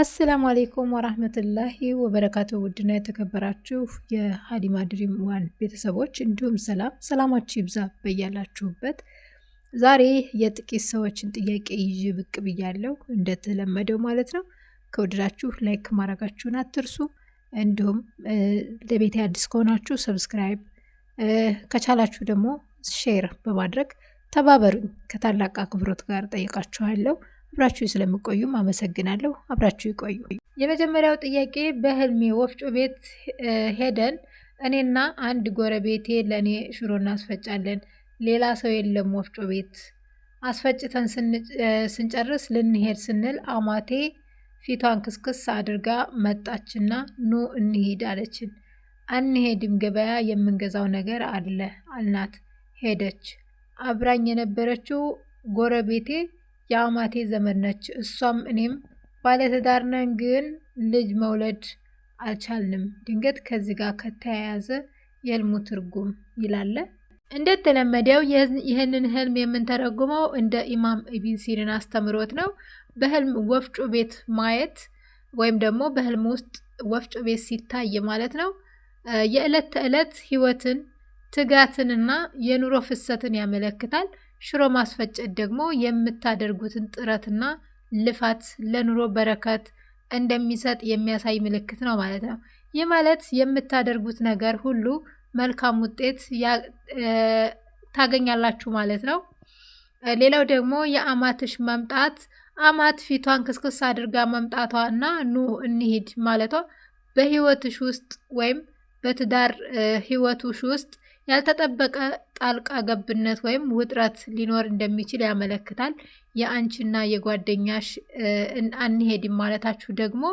አሰላሙ አሌይኩም ወራህመቱላሂ ወበረካቱ። ውድና የተከበራችሁ የሀሊማ ድሪም ዋን ቤተሰቦች እንዲሁም ሰላም ሰላማችሁ ይብዛ በያላችሁበት። ዛሬ የጥቂት ሰዎችን ጥያቄ ይዤ ብቅ ብያለሁ እንደተለመደው ማለት ነው። ከወደዳችሁ ላይክ ማድረጋችሁን አትርሱ። እንዲሁም ለቤት አዲስ ከሆናችሁ ሰብስክራይብ፣ ከቻላችሁ ደግሞ ሼር በማድረግ ተባበሩኝ። ከታላቅ አክብሮት ጋር ጠይቃችኋለሁ። አብራችሁ ስለምቆዩም አመሰግናለሁ። አብራችሁ ይቆዩ። የመጀመሪያው ጥያቄ በህልሜ ወፍጮ ቤት ሄደን እኔና አንድ ጎረቤቴ ለእኔ ሽሮ እናስፈጫለን። ሌላ ሰው የለም። ወፍጮ ቤት አስፈጭተን ስንጨርስ ልንሄድ ስንል አማቴ ፊቷን ክስክስ አድርጋ መጣችና ኑ እንሂድ አለችን። አንሄድም፣ ገበያ የምንገዛው ነገር አለ አልናት። ሄደች። አብራኝ የነበረችው ጎረቤቴ የአማቴ ዘመድ ነች። እሷም እኔም ባለትዳር ነን፣ ግን ልጅ መውለድ አልቻልንም። ድንገት ከዚህ ጋር ከተያያዘ የህልሙ ትርጉም ይላለ። እንደተለመደው ይህንን ህልም የምንተረጉመው እንደ ኢማም ኢብን ሲሪን አስተምሮት ነው። በህልም ወፍጮ ቤት ማየት ወይም ደግሞ በህልም ውስጥ ወፍጮ ቤት ሲታይ ማለት ነው የዕለት ተዕለት ህይወትን ትጋትንና የኑሮ ፍሰትን ያመለክታል። ሽሮ ማስፈጨት ደግሞ የምታደርጉትን ጥረትና ልፋት ለኑሮ በረከት እንደሚሰጥ የሚያሳይ ምልክት ነው ማለት ነው። ይህ ማለት የምታደርጉት ነገር ሁሉ መልካም ውጤት ታገኛላችሁ ማለት ነው። ሌላው ደግሞ የአማትሽ መምጣት፣ አማት ፊቷን ክስክስ አድርጋ መምጣቷ እና ኑ እንሂድ ማለቷ በህይወትሽ ውስጥ ወይም በትዳር ህይወትሽ ውስጥ ያልተጠበቀ ጣልቃ ገብነት ወይም ውጥረት ሊኖር እንደሚችል ያመለክታል። የአንቺና የጓደኛሽ አንሄድም ማለታችሁ ደግሞ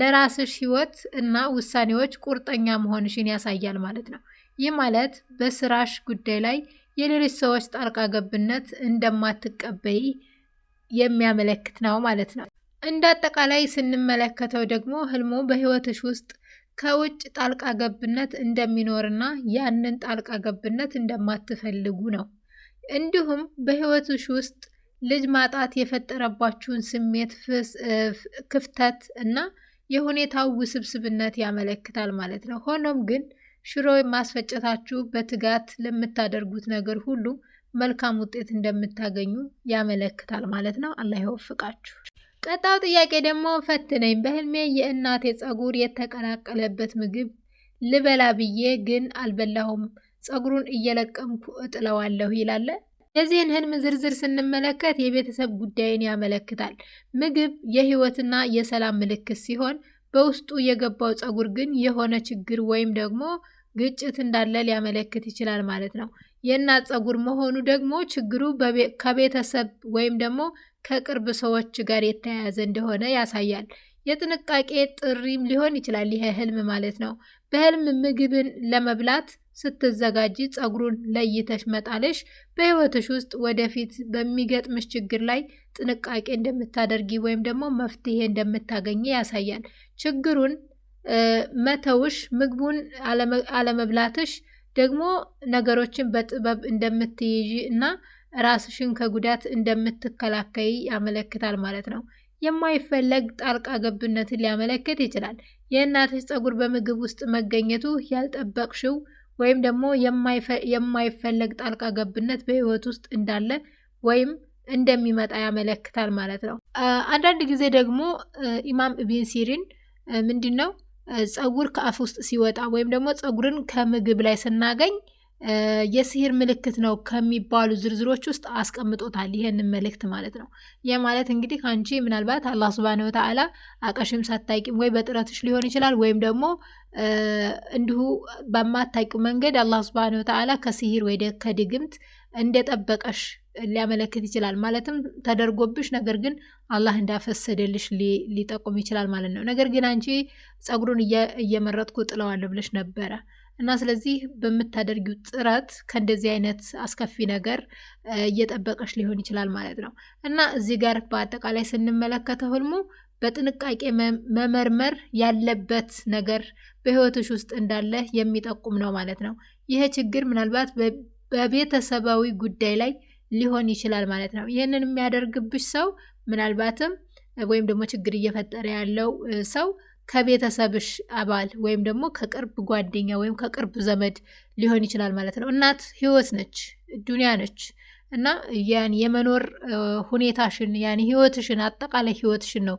ለራስሽ ህይወት እና ውሳኔዎች ቁርጠኛ መሆንሽን ያሳያል ማለት ነው። ይህ ማለት በስራሽ ጉዳይ ላይ የሌሎች ሰዎች ጣልቃ ገብነት እንደማትቀበይ የሚያመለክት ነው ማለት ነው። እንደ አጠቃላይ ስንመለከተው ደግሞ ህልሙ በህይወትሽ ውስጥ ከውጭ ጣልቃ ገብነት እንደሚኖርና ያንን ጣልቃ ገብነት እንደማትፈልጉ ነው። እንዲሁም በህይወትሽ ውስጥ ልጅ ማጣት የፈጠረባችሁን ስሜት ክፍተት እና የሁኔታው ውስብስብነት ያመለክታል ማለት ነው። ሆኖም ግን ሽሮ ማስፈጨታችሁ በትጋት ለምታደርጉት ነገር ሁሉ መልካም ውጤት እንደምታገኙ ያመለክታል ማለት ነው። አላህ ይወፍቃችሁ። ቀጣው ጥያቄ ደግሞ ፈትነኝ። በህልሜ የእናቴ ጸጉር የተቀላቀለበት ምግብ ልበላ ብዬ ግን አልበላሁም። ጸጉሩን እየለቀምኩ እጥለዋለሁ ይላለ። የዚህን ህልም ዝርዝር ስንመለከት የቤተሰብ ጉዳይን ያመለክታል። ምግብ የህይወትና የሰላም ምልክት ሲሆን በውስጡ የገባው ጸጉር ግን የሆነ ችግር ወይም ደግሞ ግጭት እንዳለ ሊያመለክት ይችላል ማለት ነው። የእናት ጸጉር መሆኑ ደግሞ ችግሩ ከቤተሰብ ወይም ደግሞ ከቅርብ ሰዎች ጋር የተያያዘ እንደሆነ ያሳያል። የጥንቃቄ ጥሪም ሊሆን ይችላል። ይሄ ህልም ማለት ነው። በህልም ምግብን ለመብላት ስትዘጋጂ ፀጉሩን ለይተሽ መጣለሽ በህይወትሽ ውስጥ ወደፊት በሚገጥምሽ ችግር ላይ ጥንቃቄ እንደምታደርጊ ወይም ደግሞ መፍትሄ እንደምታገኝ ያሳያል። ችግሩን መተውሽ፣ ምግቡን አለመብላትሽ ደግሞ ነገሮችን በጥበብ እንደምትይዥ እና ራስሽን ከጉዳት እንደምትከላከይ ያመለክታል ማለት ነው። የማይፈለግ ጣልቃ ገብነትን ሊያመለክት ይችላል። የእናትሽ ፀጉር በምግብ ውስጥ መገኘቱ ያልጠበቅሽው ወይም ደግሞ የማይፈለግ ጣልቃ ገብነት በህይወት ውስጥ እንዳለ ወይም እንደሚመጣ ያመለክታል ማለት ነው። አንዳንድ ጊዜ ደግሞ ኢማም ኢብን ሲሪን ምንድን ነው ፀጉር ከአፍ ውስጥ ሲወጣ ወይም ደግሞ ፀጉርን ከምግብ ላይ ስናገኝ የስሄር ምልክት ነው ከሚባሉ ዝርዝሮች ውስጥ አስቀምጦታል። ይህንን መልእክት ማለት ነው። ይህ ማለት እንግዲህ አንቺ ምናልባት አላህ ሱብሃነሁ ወተዓላ አቀሽም ሳታይቂም ወይ በጥረትሽ ሊሆን ይችላል ወይም ደግሞ እንዲሁ በማታቂው መንገድ አላህ ሱብሃነሁ ወተዓላ ከስሂር ወይ ከድግምት እንደጠበቀሽ ሊያመለክት ይችላል። ማለትም ተደርጎብሽ ነገር ግን አላህ እንዳፈሰደልሽ ሊጠቁም ይችላል ማለት ነው። ነገር ግን አንቺ ጸጉሩን እየመረጥኩ ጥለዋለሁ ብለሽ ነበረ እና ስለዚህ በምታደርጊው ጥረት ከእንደዚህ አይነት አስከፊ ነገር እየጠበቀሽ ሊሆን ይችላል ማለት ነው። እና እዚህ ጋር በአጠቃላይ ስንመለከተው ህልሙ በጥንቃቄ መመርመር ያለበት ነገር በህይወትሽ ውስጥ እንዳለ የሚጠቁም ነው ማለት ነው። ይህ ችግር ምናልባት በቤተሰባዊ ጉዳይ ላይ ሊሆን ይችላል ማለት ነው። ይህንን የሚያደርግብሽ ሰው ምናልባትም ወይም ደግሞ ችግር እየፈጠረ ያለው ሰው ከቤተሰብሽ አባል ወይም ደግሞ ከቅርብ ጓደኛ ወይም ከቅርብ ዘመድ ሊሆን ይችላል ማለት ነው። እናት ህይወት ነች፣ ዱኒያ ነች እና ያን የመኖር ሁኔታሽን ያን ህይወትሽን አጠቃላይ ህይወትሽን ነው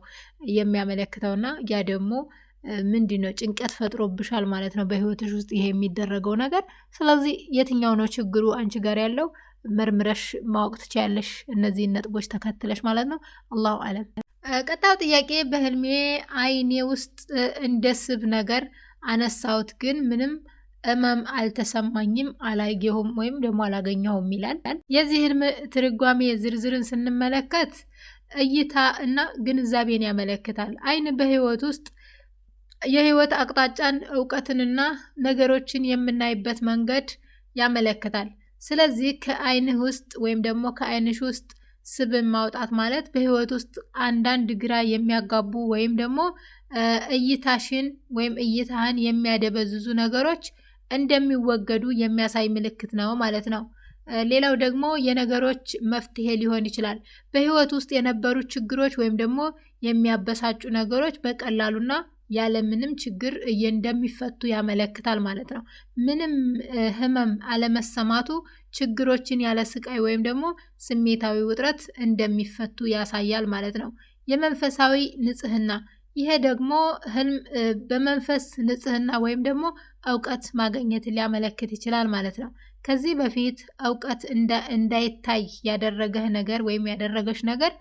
የሚያመለክተው እና ያ ደግሞ ምንድን ነው ጭንቀት ፈጥሮብሻል ማለት ነው በህይወትሽ ውስጥ ይሄ የሚደረገው ነገር። ስለዚህ የትኛው ነው ችግሩ አንቺ ጋር ያለው መርምረሽ ማወቅ ትችያለሽ፣ እነዚህን ነጥቦች ተከትለሽ ማለት ነው። አላሁ አለም። ቀጣው ጥያቄ በህልሜ አይኔ ውስጥ እንደ ስብ ነገር አነሳሁት፣ ግን ምንም እመም አልተሰማኝም፣ አላየሁም ወይም ደግሞ አላገኘሁም ይላል። የዚህ ህልም ትርጓሜ ዝርዝርን ስንመለከት እይታ እና ግንዛቤን ያመለክታል። አይን በህይወት ውስጥ የህይወት አቅጣጫን እውቀትንና ነገሮችን የምናይበት መንገድ ያመለክታል። ስለዚህ ከአይንህ ውስጥ ወይም ደግሞ ከአይንሽ ውስጥ ስብን ማውጣት ማለት በህይወት ውስጥ አንዳንድ ግራ የሚያጋቡ ወይም ደግሞ እይታሽን ወይም እይታህን የሚያደበዝዙ ነገሮች እንደሚወገዱ የሚያሳይ ምልክት ነው ማለት ነው። ሌላው ደግሞ የነገሮች መፍትሄ ሊሆን ይችላል። በህይወት ውስጥ የነበሩ ችግሮች ወይም ደግሞ የሚያበሳጩ ነገሮች በቀላሉና ያለምንም ችግር እንደሚፈቱ ያመለክታል ማለት ነው። ምንም ህመም አለመሰማቱ ችግሮችን ያለ ስቃይ ወይም ደግሞ ስሜታዊ ውጥረት እንደሚፈቱ ያሳያል ማለት ነው። የመንፈሳዊ ንጽህና ይሄ ደግሞ ህልም በመንፈስ ንጽህና ወይም ደግሞ እውቀት ማግኘት ሊያመለክት ይችላል ማለት ነው። ከዚህ በፊት እውቀት እንዳይታይ ያደረገህ ነገር ወይም ያደረገች ነገር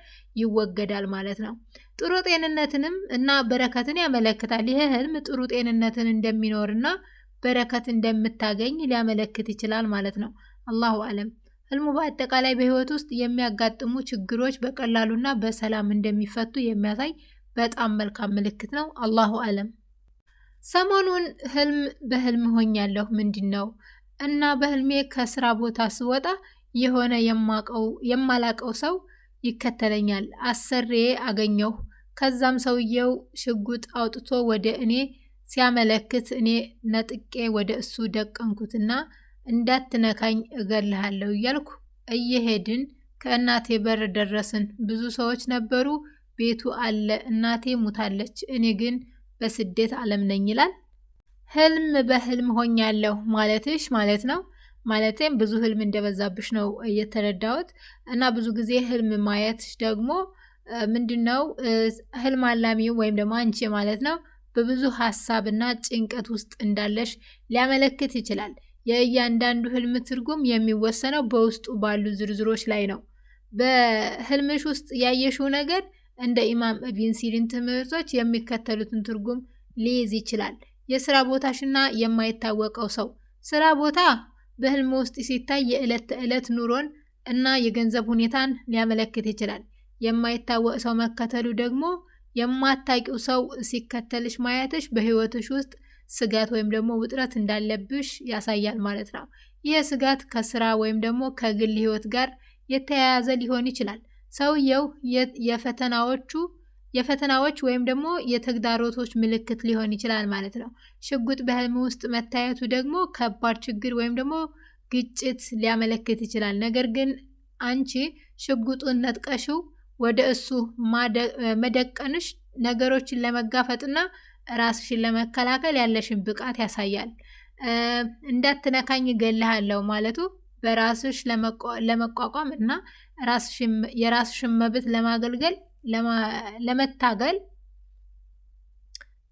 ይወገዳል ማለት ነው። ጥሩ ጤንነትንም እና በረከትን ያመለክታል። ይህ ህልም ጥሩ ጤንነትን እንደሚኖርና በረከት እንደምታገኝ ሊያመለክት ይችላል ማለት ነው። አላሁ አለም። ህልሙ በአጠቃላይ በህይወት ውስጥ የሚያጋጥሙ ችግሮች በቀላሉና በሰላም እንደሚፈቱ የሚያሳይ በጣም መልካም ምልክት ነው። አላሁ አለም። ሰሞኑን ህልም በህልም ሆኛለሁ ምንድን ነው እና በህልሜ ከስራ ቦታ ስወጣ የሆነ የማላቀው ሰው ይከተለኛል። አሰሬ አገኘሁ። ከዛም ሰውየው ሽጉጥ አውጥቶ ወደ እኔ ሲያመለክት እኔ ነጥቄ ወደ እሱ ደቀንኩትና እንዳትነካኝ እገልሃለሁ እያልኩ እየሄድን ከእናቴ በር ደረስን። ብዙ ሰዎች ነበሩ። ቤቱ አለ። እናቴ ሙታለች። እኔ ግን በስደት ዓለም ነኝ ይላል። ህልም በህልም ሆኛለሁ ማለትሽ ማለት ነው። ማለትም ብዙ ህልም እንደበዛብሽ ነው እየተረዳሁት እና ብዙ ጊዜ ህልም ማየትሽ ደግሞ ምንድን ነው ህልም አላሚው ወይም ደግሞ አንቺ ማለት ነው በብዙ ሀሳብና ጭንቀት ውስጥ እንዳለሽ ሊያመለክት ይችላል። የእያንዳንዱ ህልም ትርጉም የሚወሰነው በውስጡ ባሉ ዝርዝሮች ላይ ነው። በህልምሽ ውስጥ ያየሽው ነገር እንደ ኢማም ኢብን ሲሪን ትምህርቶች የሚከተሉትን ትርጉም ሊይዝ ይችላል። የስራ ቦታሽና የማይታወቀው ሰው ስራ ቦታ በህልም ውስጥ ሲታይ የዕለት ተዕለት ኑሮን እና የገንዘብ ሁኔታን ሊያመለክት ይችላል። የማይታወቅ ሰው መከተሉ ደግሞ የማታቂው ሰው ሲከተልሽ ማየትሽ በህይወትሽ ውስጥ ስጋት ወይም ደግሞ ውጥረት እንዳለብሽ ያሳያል ማለት ነው። ይህ ስጋት ከስራ ወይም ደግሞ ከግል ህይወት ጋር የተያያዘ ሊሆን ይችላል። ሰውየው የፈተናዎቹ የፈተናዎች ወይም ደግሞ የተግዳሮቶች ምልክት ሊሆን ይችላል ማለት ነው። ሽጉጥ በህልም ውስጥ መታየቱ ደግሞ ከባድ ችግር ወይም ደግሞ ግጭት ሊያመለክት ይችላል። ነገር ግን አንቺ ሽጉጡን ነጥቀሽው ወደ እሱ መደቀንሽ ነገሮችን ለመጋፈጥና ራስሽን ለመከላከል ያለሽን ብቃት ያሳያል። እንዳትነካኝ እገልሃለሁ ማለቱ በራስሽ ለመቋቋም እና የራስሽን መብት ለማገልገል ለመታገል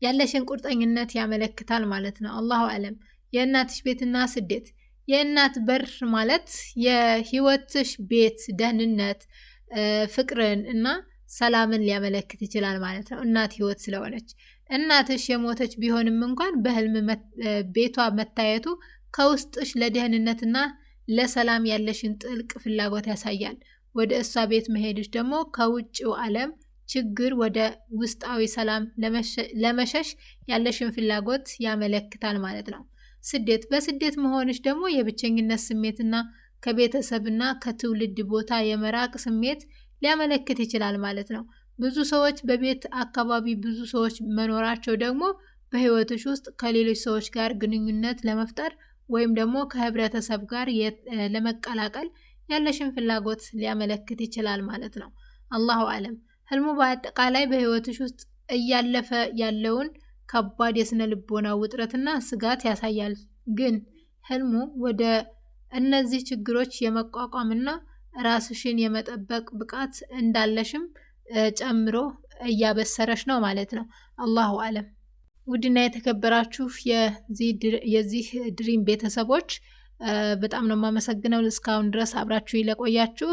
ያለሽን ቁርጠኝነት ያመለክታል ማለት ነው። አላሁ አለም። የእናትሽ ቤትና ስደት የእናት በር ማለት የህይወትሽ ቤት ደህንነት፣ ፍቅርን እና ሰላምን ሊያመለክት ይችላል ማለት ነው። እናት ህይወት ስለሆነች እናትሽ የሞተች ቢሆንም እንኳን በህልም ቤቷ መታየቱ ከውስጥሽ ለደህንነትና ለሰላም ያለሽን ጥልቅ ፍላጎት ያሳያል። ወደ እሷ ቤት መሄድሽ ደግሞ ከውጭው ዓለም ችግር ወደ ውስጣዊ ሰላም ለመሸሽ ያለሽን ፍላጎት ያመለክታል ማለት ነው። ስደት በስደት መሆንሽ ደግሞ የብቸኝነት ስሜትና ከቤተሰብና ከትውልድ ቦታ የመራቅ ስሜት ሊያመለክት ይችላል ማለት ነው። ብዙ ሰዎች በቤት አካባቢ ብዙ ሰዎች መኖራቸው ደግሞ በህይወትሽ ውስጥ ከሌሎች ሰዎች ጋር ግንኙነት ለመፍጠር ወይም ደግሞ ከህብረተሰብ ጋር ለመቀላቀል ያለሽን ፍላጎት ሊያመለክት ይችላል ማለት ነው። አላሁ አለም። ህልሙ በአጠቃላይ በህይወትሽ ውስጥ እያለፈ ያለውን ከባድ የስነ ልቦና ውጥረትና ስጋት ያሳያል። ግን ህልሙ ወደ እነዚህ ችግሮች የመቋቋምና ራስሽን የመጠበቅ ብቃት እንዳለሽም ጨምሮ እያበሰረሽ ነው ማለት ነው። አላሁ አለም። ውድና የተከበራችሁ የዚህ ድሪም ቤተሰቦች በጣም ነው የማመሰግነው እስካሁን ድረስ አብራችሁ ይለቆያችሁ።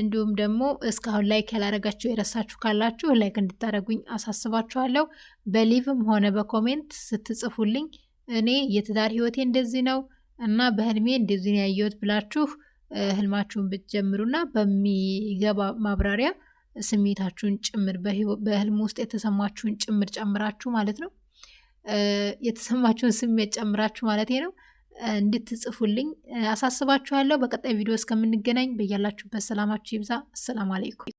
እንዲሁም ደግሞ እስካሁን ላይክ ያላረጋችሁ የረሳችሁ ካላችሁ ላይክ እንድታደረጉኝ አሳስባችኋለሁ። በሊቭም ሆነ በኮሜንት ስትጽፉልኝ እኔ የትዳር ህይወቴ እንደዚህ ነው እና በህልሜ እንደዚህ ነው ያየሁት ብላችሁ ህልማችሁን ብትጀምሩና በሚገባ ማብራሪያ ስሜታችሁን ጭምር በህልም ውስጥ የተሰማችሁን ጭምር ጨምራችሁ ማለት ነው የተሰማችሁን ስሜት ጨምራችሁ ማለት ነው እንድትጽፉልኝ አሳስባችኋለሁ። በቀጣይ ቪዲዮ እስከምንገናኝ በያላችሁበት ሰላማችሁ ይብዛ። አሰላሙ አለይኩም።